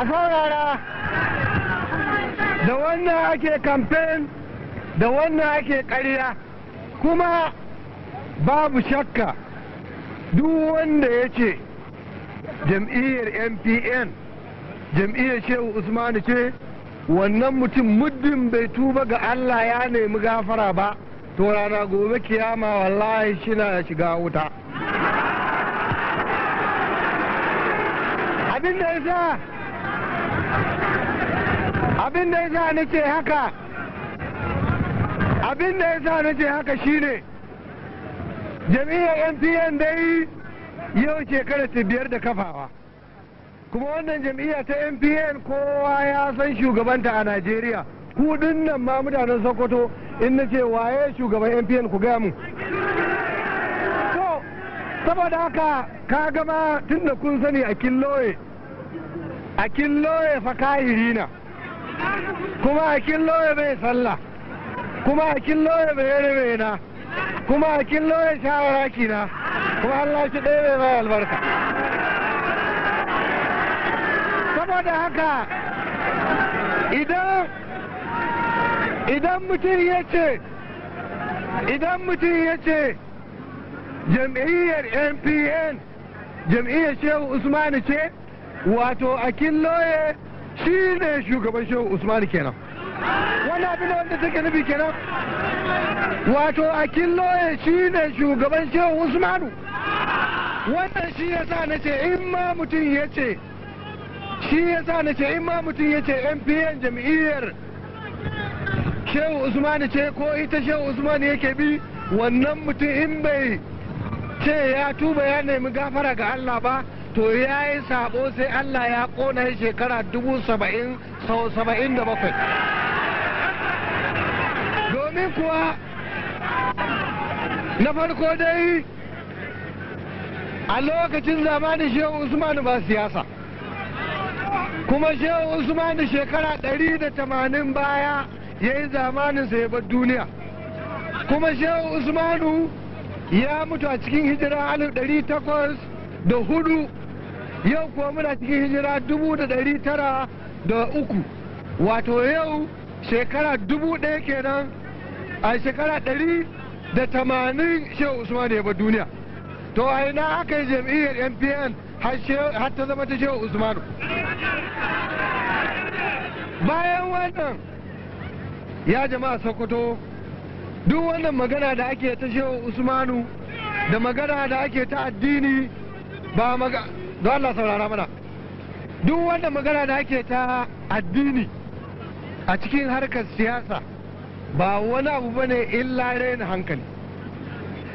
a da wannan ake kamfen da wannan ake karya kuma babu shakka duk wanda ya ce jam'iyyar mpn jam'iyyar shehu usmanu ce wannan mutum muddin bai tuba ga allah ya nemi gafara ba to rana gobe kiyama wallahi shina shiga wuta abinda da ya sa abin da ya yasa nake haka abin da ya sa nake haka shine jami'ar NPN yi yau shekara ta biyar da kafawa kuma wannan jam'iyya ta NPN kowa ya san shugabanta a Najeriya kudin nan ma mutanen Sokoto in na ce waye shugaban NPN ku gaya mu saboda haka ka gama tun da kun sani a killoye a killoye fa kahiri kuma a killo bai sallah kuma a killo ya bai rabe na kuma a killo ya shawara ki na kuma Allah shi ɗaya mai albarka saboda haka idan idan mutum ya ce idan mutum ya ce jam'iyyar npn jam'iyyar shehu usmani ce wato a killoye shi ne shugaban shehu usmani kenan wani abin wanda take nufi kenan wato a loye shi ne shugaban shehu usmanu wannan shi ya sa na ce in ma mutum ya ce shi ya sa na ce in ma mutum ya ce mpn jam'iyyar shehu usmani ce ko ita shehu usmani yake bi wannan mutum in bai ce ya tuba ya nemi gafara ga allah ba to ya yi sabo sai Allah ya kona shekara dubu saba'in sau saba'in da bakwai domin kuwa na farko dai a lokacin zamanin shehu usman ba siyasa kuma shehu usman shekara ɗari da tamanin baya ya yi zamanin ya bar duniya kuma shehu usmanu ya mutu a cikin hijira alif ɗari takwas da hudu yau kuwa muna cikin hijira dubu da ɗari tara da uku wato yau shekara dubu ɗaya kenan a shekara ɗari da tamanin shehu usman ya ba duniya to a ina aka yi jam'iyyar npn har ta zama ta shehu usman bayan wannan ya jama'a sokoto duk wannan magana da ake ta shehu usmanu da magana da ake ta addini ba magana don Allah saurara mana duk wanda magana da ake ta addini a cikin harkar siyasa ba wani abu bane illa raina hankali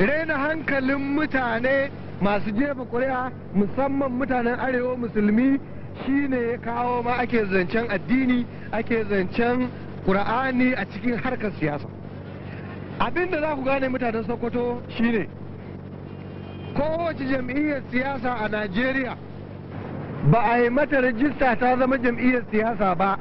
raina hankalin mutane masu jefa kuri'a musamman mutanen arewa musulmi shine ya kawo ma ake zancen addini ake zancen ƙura'ani a cikin harkar siyasa abinda za ku gane mutanen sokoto shine ne kowace jam'iyyar siyasa a najeriya ba a yi mata rajista ta zama jam'iyyar siyasa ba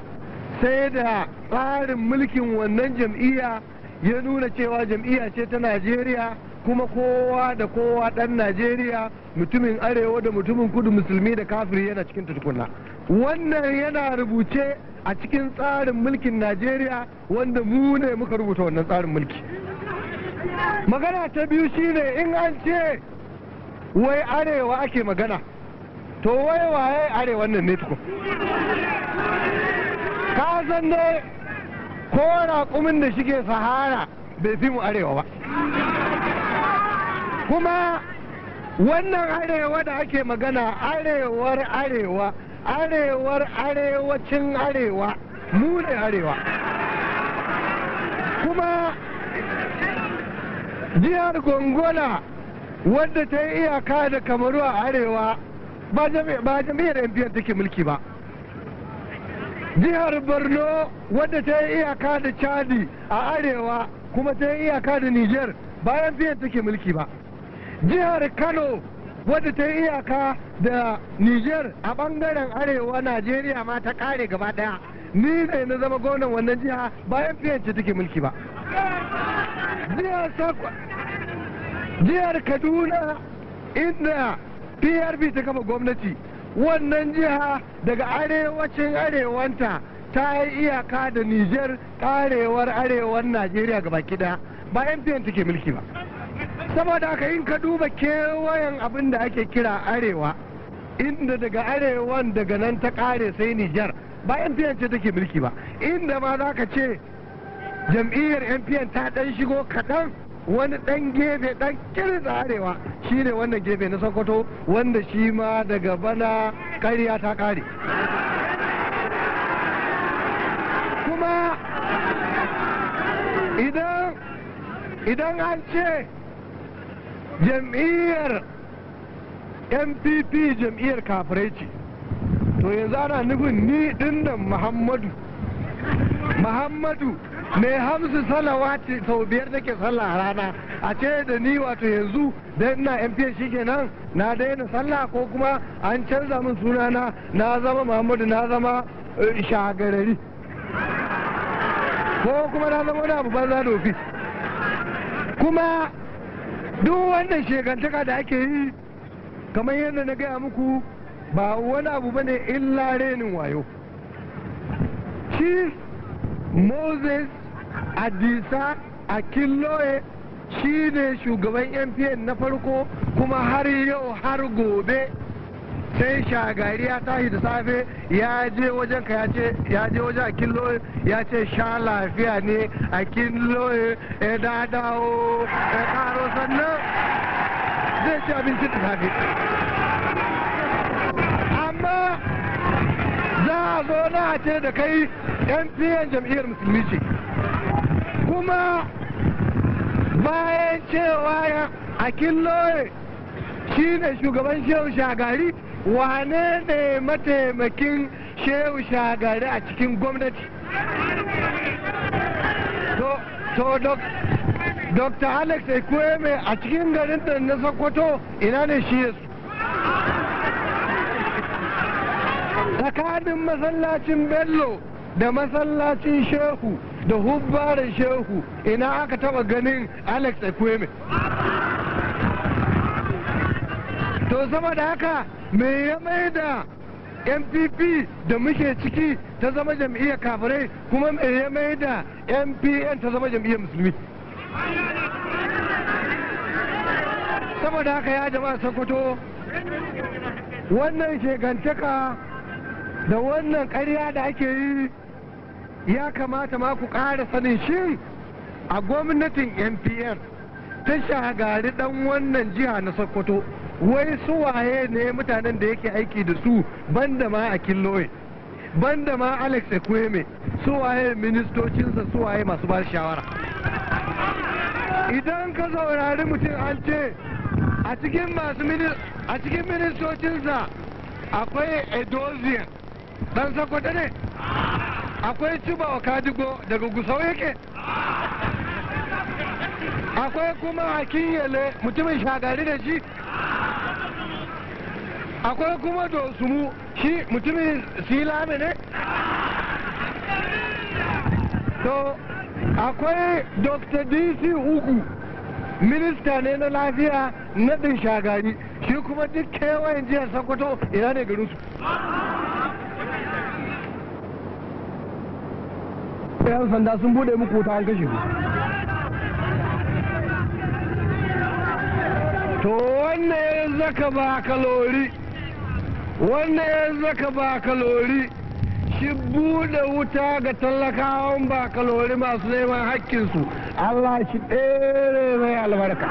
sai da tsarin mulkin wannan jam'iyya ya nuna cewa jam'iyya ce ta najeriya kuma kowa da kowa ɗan najeriya mutumin arewa da mutumin kudu musulmi da kafiri yana cikin tukuna wannan yana rubuce a cikin tsarin mulkin najeriya wanda mu ne muka rubuta wannan tsarin mulki magana ta biyu shine in an ce wai arewa ake magana to wai waye arewan nan ne tukun ka san dai ko raƙumin da shige sahara bai fi mu arewa ba kuma wannan arewa da ake magana arewar arewa arewar arewacin arewa mu ne arewa kuma jihar gongola wadda ta yi iyaka da kamaru a arewa ba jami'ar mdn take mulki ba jihar borno wadda ta yi iyaka da chadi a arewa kuma ta yi iyaka da niger ba biyan take mulki ba jihar kano wadda ta yi iyaka da niger a bangaren arewa najeriya ma ta kare gaba daya ni ne na zama gonan wannan jiha bayan fiyance take mulki ba jihar jihar kaduna inda prp ta kafa gwamnati wannan jiha daga arewacin arewanta ta yi iyaka da niger arewar arewan najeriya gaba kida ba mpn take mulki ba saboda haka in ka duba kewayen abin da ake kira arewa inda daga arewan daga nan ta kare sai niger ba mpn ce take mulki ba inda ma za ka ce jam'iyyar mpn ta dan shigo kaɗan wani dan gefe dan kiri da arewa shine wannan gefe na sokoto wanda shi ma daga bana kariya ta kare kuma idan an ce jam'iyyar npp jam'iyyar kafirai ce to yanzu ana nufin ni dinnan muhammadu muhammadu mai hamsin salawati sau biyar nake sallah rana a ce da ni wato yanzu da ina mp shi nan na daina sallah ko kuma an canza min sunana na zama muhammadu na zama eh, shagarari ko kuma na zama wani abu banza da ofis kuma duk wannan shekantaka da ake yi kamar yadda na gaya muku ba wani abu bane illa renin wayo shi moses adisa a shi ne shugaban mpn na farko kuma har yau har gobe sai shagari ya tashi da safe ya je wajen ka ya je wajen a killoye ya ce sha lafiya ne a killoye ya eh, dadawo ya eh, karo sannan zai ci abinci da safe amma za a zo na ce da kai mpn jam'iyyar musulmi ce kuma bayan cewa ya a killoye shi ne shugaban shehu shagari wane ne mataimakin shehu shagari a cikin gwamnati to dr alex ekweme a cikin garin da na sokoto ina ne shi yasu tsakanin masallacin bello da masallacin shehu da hubbaran shehu ina aka taba ganin alex ekweme to zama da haka me ya mai da npp da muke ciki ta zama jam'iyyar kafirai kuma me ya mai da npn ta zama jam'iyyar musulmi saboda haka ya jama'a sokoto wannan shekantaka da wannan karya da ake yi ya kamata ma ku ƙara sanin shi a gwamnatin npr ta shagari dan wannan jiha na sokoto wai su waye ne mutanen da yake aiki da su banda ma a killoye banda ma alex ekweme su waye ministocinsa su waye masu ba shawara idan ka saurari mutum an ce a cikin masu a cikin ministocinsa akwai edozian dan sokoto ne akwai tuba wa kadigo daga gusau yake akwai kuma hakin yele mutumin shagari da shi akwai kuma dosumu shi mutumin silame ne to akwai dr dc ugu minista ne na lafiya naɗin shagari shi kuma duk kewayen jihar sokoto ina ne garinsu da 'yan sanda sun bude muku wuta an kashe to wannan ya zaka ba kalori wannan ya zaka ba kalori shi bude wuta ga talakawan ba kalori masu neman hakkinsu allah shi ɗere mai albarka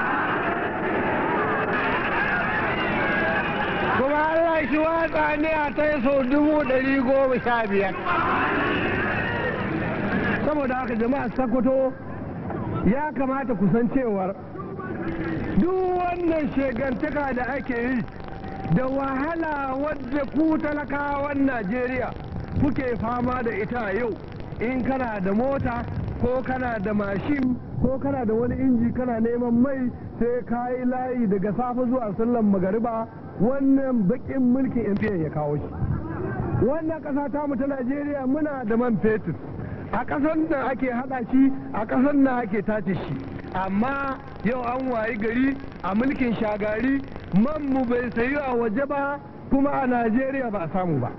kuma allah shi watsa ne a ta sau dubu ɗari goma sha biyar saboda haka jama'a sakwato ya kamata kusancewar duk wannan shegantaka da ake yi da wahala wadda ku talakawan najeriya kuke fama da ita yau in kana da mota ko kana da mashin ko kana da wani inji kana neman mai sai ka yi layi daga safe zuwa sallan magariba wannan bakin mulkin in ya kawo shi wannan ƙasa tamu ta najeriya muna da man fetur a ƙasar nan ake haɗa shi a ƙasar nan ake tace shi amma yau an wayi gari a mulkin shagari man mu bai sayi a waje ba kuma a najeriya ba a samu ba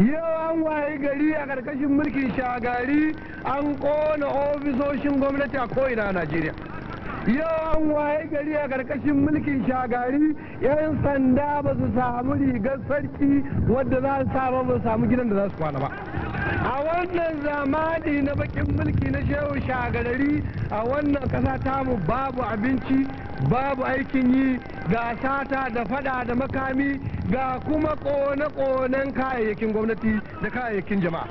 yau an wayi gari a ƙarƙashin mulkin shagari an ƙona ofisoshin gwamnati a ko'ina a najeriya yau an waye gari a ƙarƙashin mulkin shagari 'yan sanda ba su samu rigar sarki wadda za su sa ba su samu gidan da za su kwana ba a wannan zamani na bakin mulki na shehu shagarari a wannan kasa tamu babu abinci babu aikin yi ga sata da fada da makami ga kuma kone-konen kayayyakin gwamnati da kayayyakin jama'a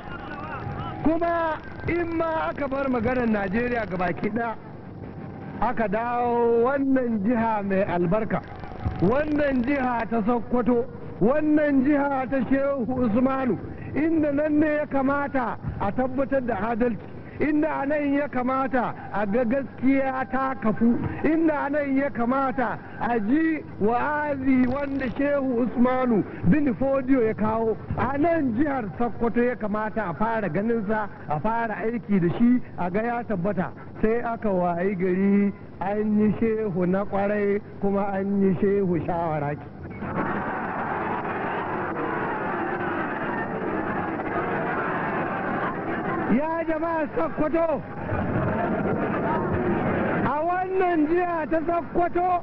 kuma in ma aka bar maganar najeriya ga baki da aka dawo wannan jiha mai albarka wannan jiha ta sokoto wannan jiha ta shehu usmanu inda nan ne ya kamata a tabbatar da adalci inda a ya kamata a ga gaskiya ta kafu inda a ya kamata a ji wa'azi wanda shehu usmanu bin fodiyo ya kawo a nan jihar sokoto ya kamata a fara ganinsa a fara aiki da shi a ga ya tabbata sai aka wayi gari an yi shehu na kwarai kuma an yi shehu shawara shawaraki ya jama'a sakkwato a wannan jiya ta sakkwato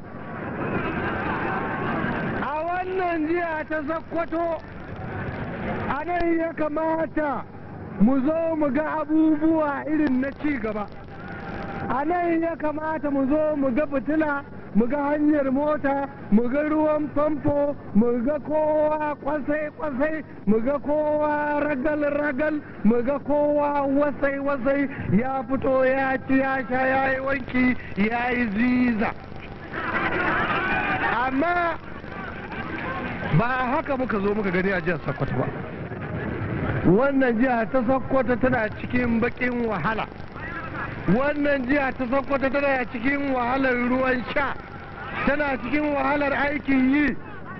a wannan jiya ta sakkwato a nan ya kamata mu zo mu ga abubuwa irin na ci gaba a nan ya kamata mu zo mu ga fitila mu ga hanyar mota mu ga ruwan famfo mu ga kowa kwasai-kwasai mu ga kowa ragal-ragal mu ga kowa wasai-wasai ya fito ya ci ya sha ya yi wanki ya yi ziza amma ba haka muka zo muka gani a jihar sokoto ba wannan jiha ta sokoto tana cikin bakin wahala wannan jiya ta sokoto tana cikin wahalar ruwan sha tana cikin wahalar aikin yi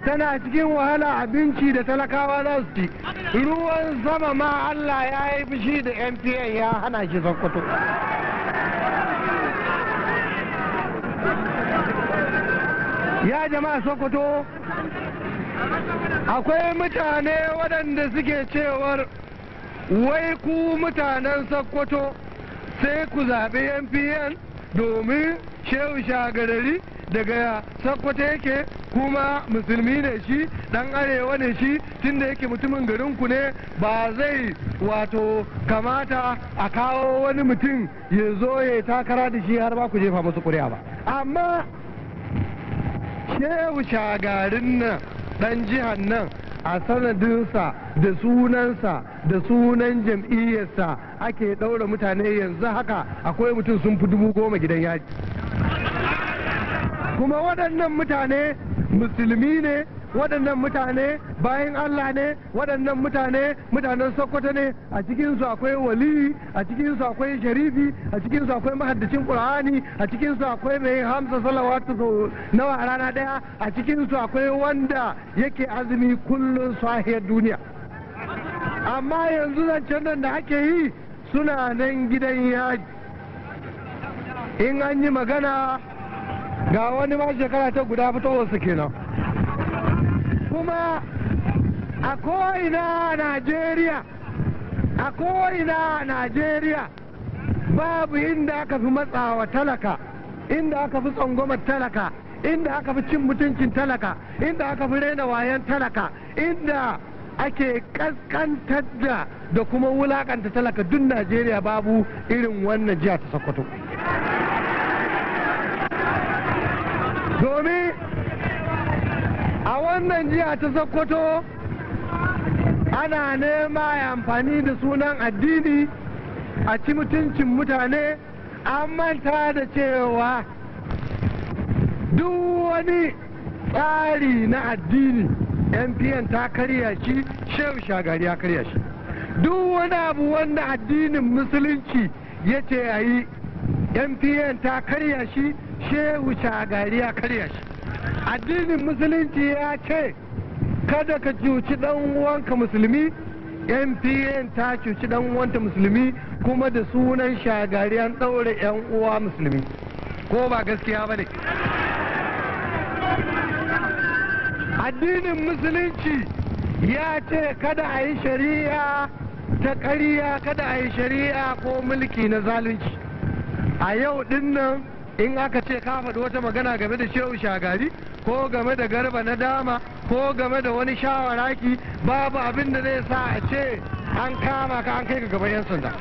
tana cikin wahala abinci da talakawa za su ci ruwan sama ma allah ya yi fushi da npa ya hana shi sokoto ya jama'a sokoto akwai mutane waɗanda suke cewar wai ku mutanen sokoto sai ku zaɓi npn domin shehu shagarari daga sakkwata yake kuma musulmi ne shi dan arewa ne shi tunda yake mutumin garin ku ne ba zai wato kamata a kawo wani mutum ya zo ya takara da shi har ba ku jefa masu ƙuri'a ba amma shehu shagarin nan dan jihar nan a sanadinsa da sunansa da sunan jam'iyyarsa ake ɗaura mutane yanzu haka akwai mutum sun fi dubu goma gidan yaji kuma waɗannan mutane musulmi ne waɗannan mutane bayan Allah ne waɗannan mutane mutanen Sokoto ne a cikinsu akwai waliyi a cikinsu akwai sharifi a cikinsu akwai mahaddacin Qur'ani a cikinsu akwai mai hamsa salawatu nawa a rana ɗaya a cikinsu akwai wanda yake azumi kullum sahiyar duniya amma yanzu zancen nan da ake yi suna nan gidan yaji in an yi magana ga wani ma shekara ta guda fitowarsu kenan kuma a ko'ina a najeriya a ko'ina a najeriya babu inda aka fi matsawa talaka inda aka fi tsangwamar talaka inda aka fi cin mutuncin talaka inda aka fi raina wayan talaka inda ake kaskantar da da kuma wulakanta talaka duk najeriya babu irin wannan jiya ta sokoto domin a wannan jiya ta sokoto ana nema amfani da sunan addini a ci mutuncin mutane an manta da cewa duk wani tsari na addini mpn ta karya shi shehu shagari ya karya shi duk wani abu wanda addinin musulunci ya ce a yi mpn ta karya shi shehu shagari ya karya shi addinin musulunci ya ce kada ka cuci dan uwanka musulmi npn ta cuci dan uwanta musulmi kuma da sunan shagari an daura yan uwa musulmi ko ba gaskiya ba ne addinin musulunci ya ce kada a yi shari'a ta kariya kada a yi shari'a ko mulki na zalunci a yau dinnan in aka ce ka faɗi wata magana game da shehu shagari ko game da garba na dama ko game da wani shawaraki babu abin da zai sa a ce an kama ka an kai ka gaban 'yan sanda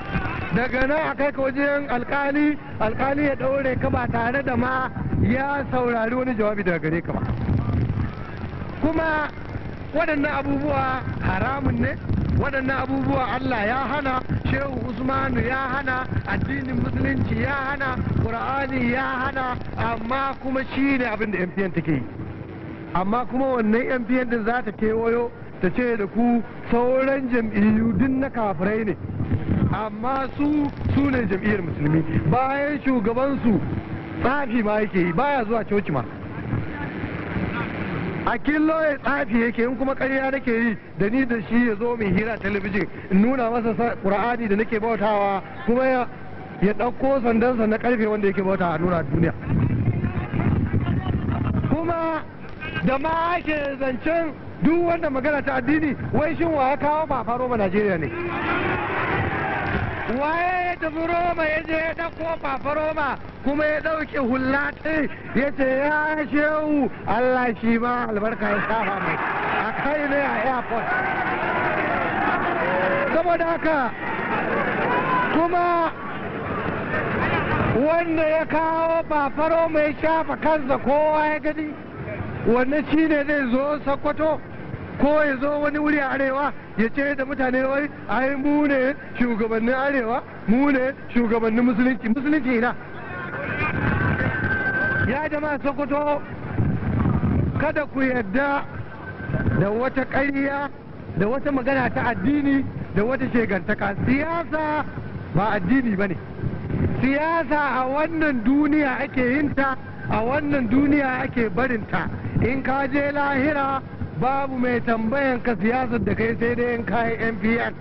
daga nan a kai ka wajen alkali alkali ya ɗaure ka ba tare da ma ya saurari wani jawabi daga gare ka ba kuma waɗannan abubuwa haramun ne waɗannan abubuwa Allah ya hana shehu usmanu ya hana addinin musulunci ya hana ƙur'ani ya hana amma kuma shi ne abin da ta take yi amma kuma wannan mtn din za ta kewayo ta ce da ku sauran jam'iyyu duk na kafirai ne amma su su ne jam'iyyar musulmi bayan shugabansu tsafi ma yake yi baya zuwa coci ma a killo ya tsafi yake in kuma karya nake yi da ni da shi ya zo mai hira talabijin in nuna masa kur'ani da nake bautawa kuma ya ɗauko sandansa na karfe wanda yake bauta a nuna duniya kuma da ma ake zancen duk wanda magana ta addini wai shin wa ya kawo ba faro ba najeriya ne waye da roma ya je ya kofa fafa roma kuma ya ɗauke hula ɗin ya ce ya shehu Allah shi ma albarka ya shafa mai a kai ne a airport saboda haka kuma wanda ya kawo fafa mai shafa kansa kowa ya gani wannan shine zai zo sakwato ko ya zo wani wuri a arewa ya ce da mutane wai ai mu ne shugabannin arewa mu ne shugabannin musulunci musulunci ina ya jama'a sokoto kada ku yarda da wata ƙarya da wata magana ta addini da wata shegantaka siyasa ba addini ba ne siyasa a wannan duniya ake yinta a wannan duniya ake barinta in ka je lahira babu mai tambayan ka siyasar da kai sai dai in kayi npn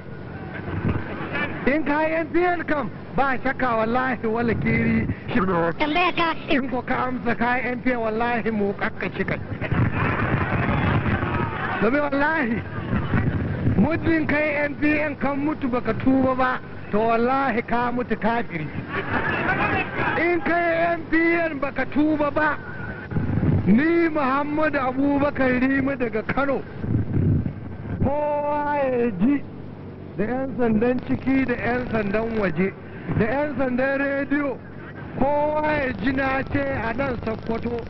in kayi npn kam ba shakka wallahi wala kiri shi tambaya ka in ko ka amsa kayi npn wallahi mu kakkashi kai domin wallahi muddin kai npn kan mutu baka tuba ba to wallahi ka mutu kafiri in kai npn baka tuba ba ni muhammadu abubakar rimu daga kano kowa ya ji da 'yan sandan ciki da 'yan sandan waje da 'yan sandan rediyo kowa ya ji na ce a nan sakkwato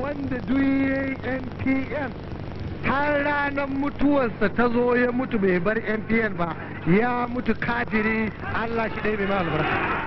wanda duyi npn har ranar mutuwarsa ta zo ya mutu bai bar npn ba ya mutu kafiri allah shi ɗaya mai albarka